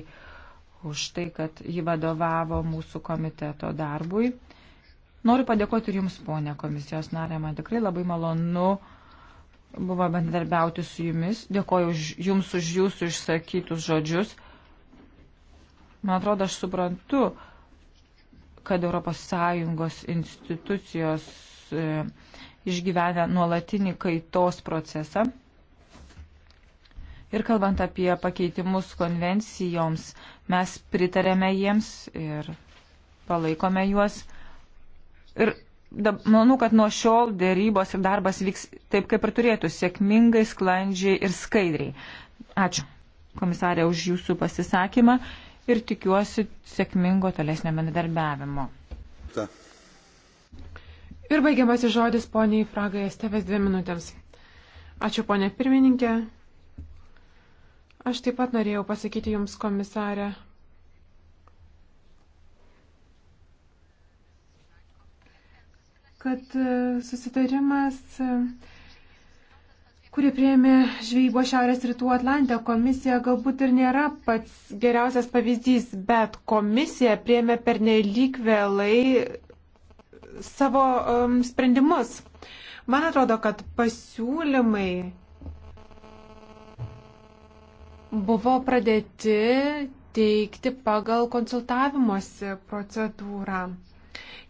už tai, kad ji vadovavo mūsų komiteto darbui. Noriu padėkoti ir Jums, ponė komisijos narė, man tikrai labai malonu buvo bendarbiauti su Jumis. Dėkoju už, Jums už Jūsų išsakytus žodžius. Man atrodo, aš suprantu, kad ES institucijos e, išgyvena nuolatinį kaitos procesą. Ir kalbant apie pakeitimus konvencijoms, mes pritarėme jiems ir palaikome juos. Ir manau, kad nuo šiol dėrybos ir darbas vyks taip, kaip ir turėtų, sėkmingai, sklandžiai ir skaidriai. Ačiū, komisarė, už jūsų pasisakymą ir tikiuosi sėkmingo tolesnio bendradarbiavimo. Ta. Ir baigiamasis žodis poniai Fragai Estevės dvi minutėms. Ačiū ponė pirmininkė. Aš taip pat norėjau pasakyti Jums, komisarė, kad e, susitarimas, e, kurį prieimė žvejybo Šiaurės rytų Atlantė komisija, galbūt ir nėra pats geriausias pavyzdys, bet komisija prieimė per nelik vėlai savo um, sprendimus. Man atrodo, kad pasiūlymai buvo pradėti teikti pagal konsultavimosi procedūrą.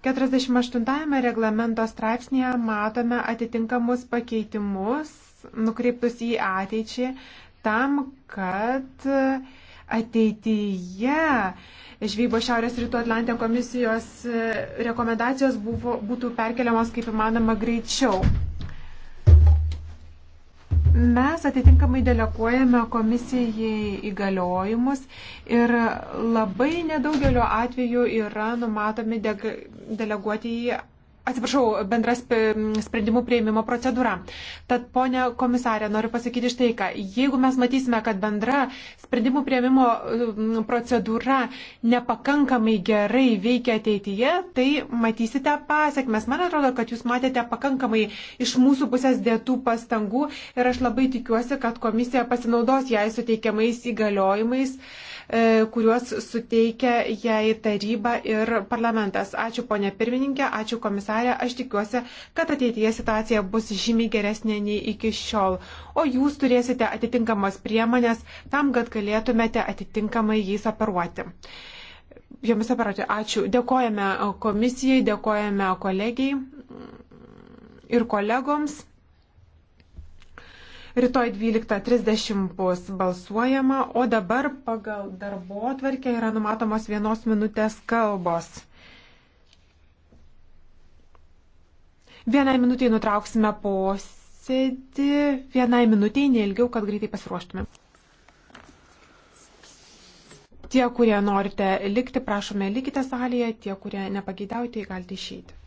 48 reglamento straipsnėje matome atitinkamus pakeitimus nukreiptus į ateičią tam, kad ateityje žvybo Šiaurės rytų Atlantė komisijos rekomendacijos buvo, būtų perkeliamos kaip įmanoma greičiau. Mes atitinkamai deleguojame komisijai įgaliojimus ir labai nedaugelio atveju yra numatomi deleguoti į atsiprašau, bendras sprendimų prieimimo procedūra. Tad, ponė komisarė, noriu pasakyti štai ką. Jeigu mes matysime, kad bendra sprendimų prieimimo procedūra nepakankamai gerai veikia ateityje, tai matysite pasiekmes. Man atrodo, kad jūs matėte pakankamai iš mūsų pusės dėtų pastangų ir aš labai tikiuosi, kad komisija pasinaudos jai suteikiamais įgaliojimais. Uh, E, kuriuos suteikia jai taryba ir parlamentas. Ačiū ponė pirmininkė, ačiū komisarė, aš tikiuosi, kad ateityje situacija bus žymiai geresnė nei iki šiol, o jūs turėsite atitinkamas priemonės tam, kad galėtumėte atitinkamai jais operuoti. Jomis operuoti. Ačiū. Dėkojame komisijai, dėkojame kolegijai ir kolegoms. Rytoj 12.30 bus balsuojama, o dabar pagal darbo atvarkę yra numatomos vienos minutės kalbos. Vienai minutiai nutrauksime posėdį, vienai minutiai neilgiau, kad greitai pasiruoštume. Tie, kurie norite likti, prašome likite salėje, tie, kurie nepageidauti, galite išeiti.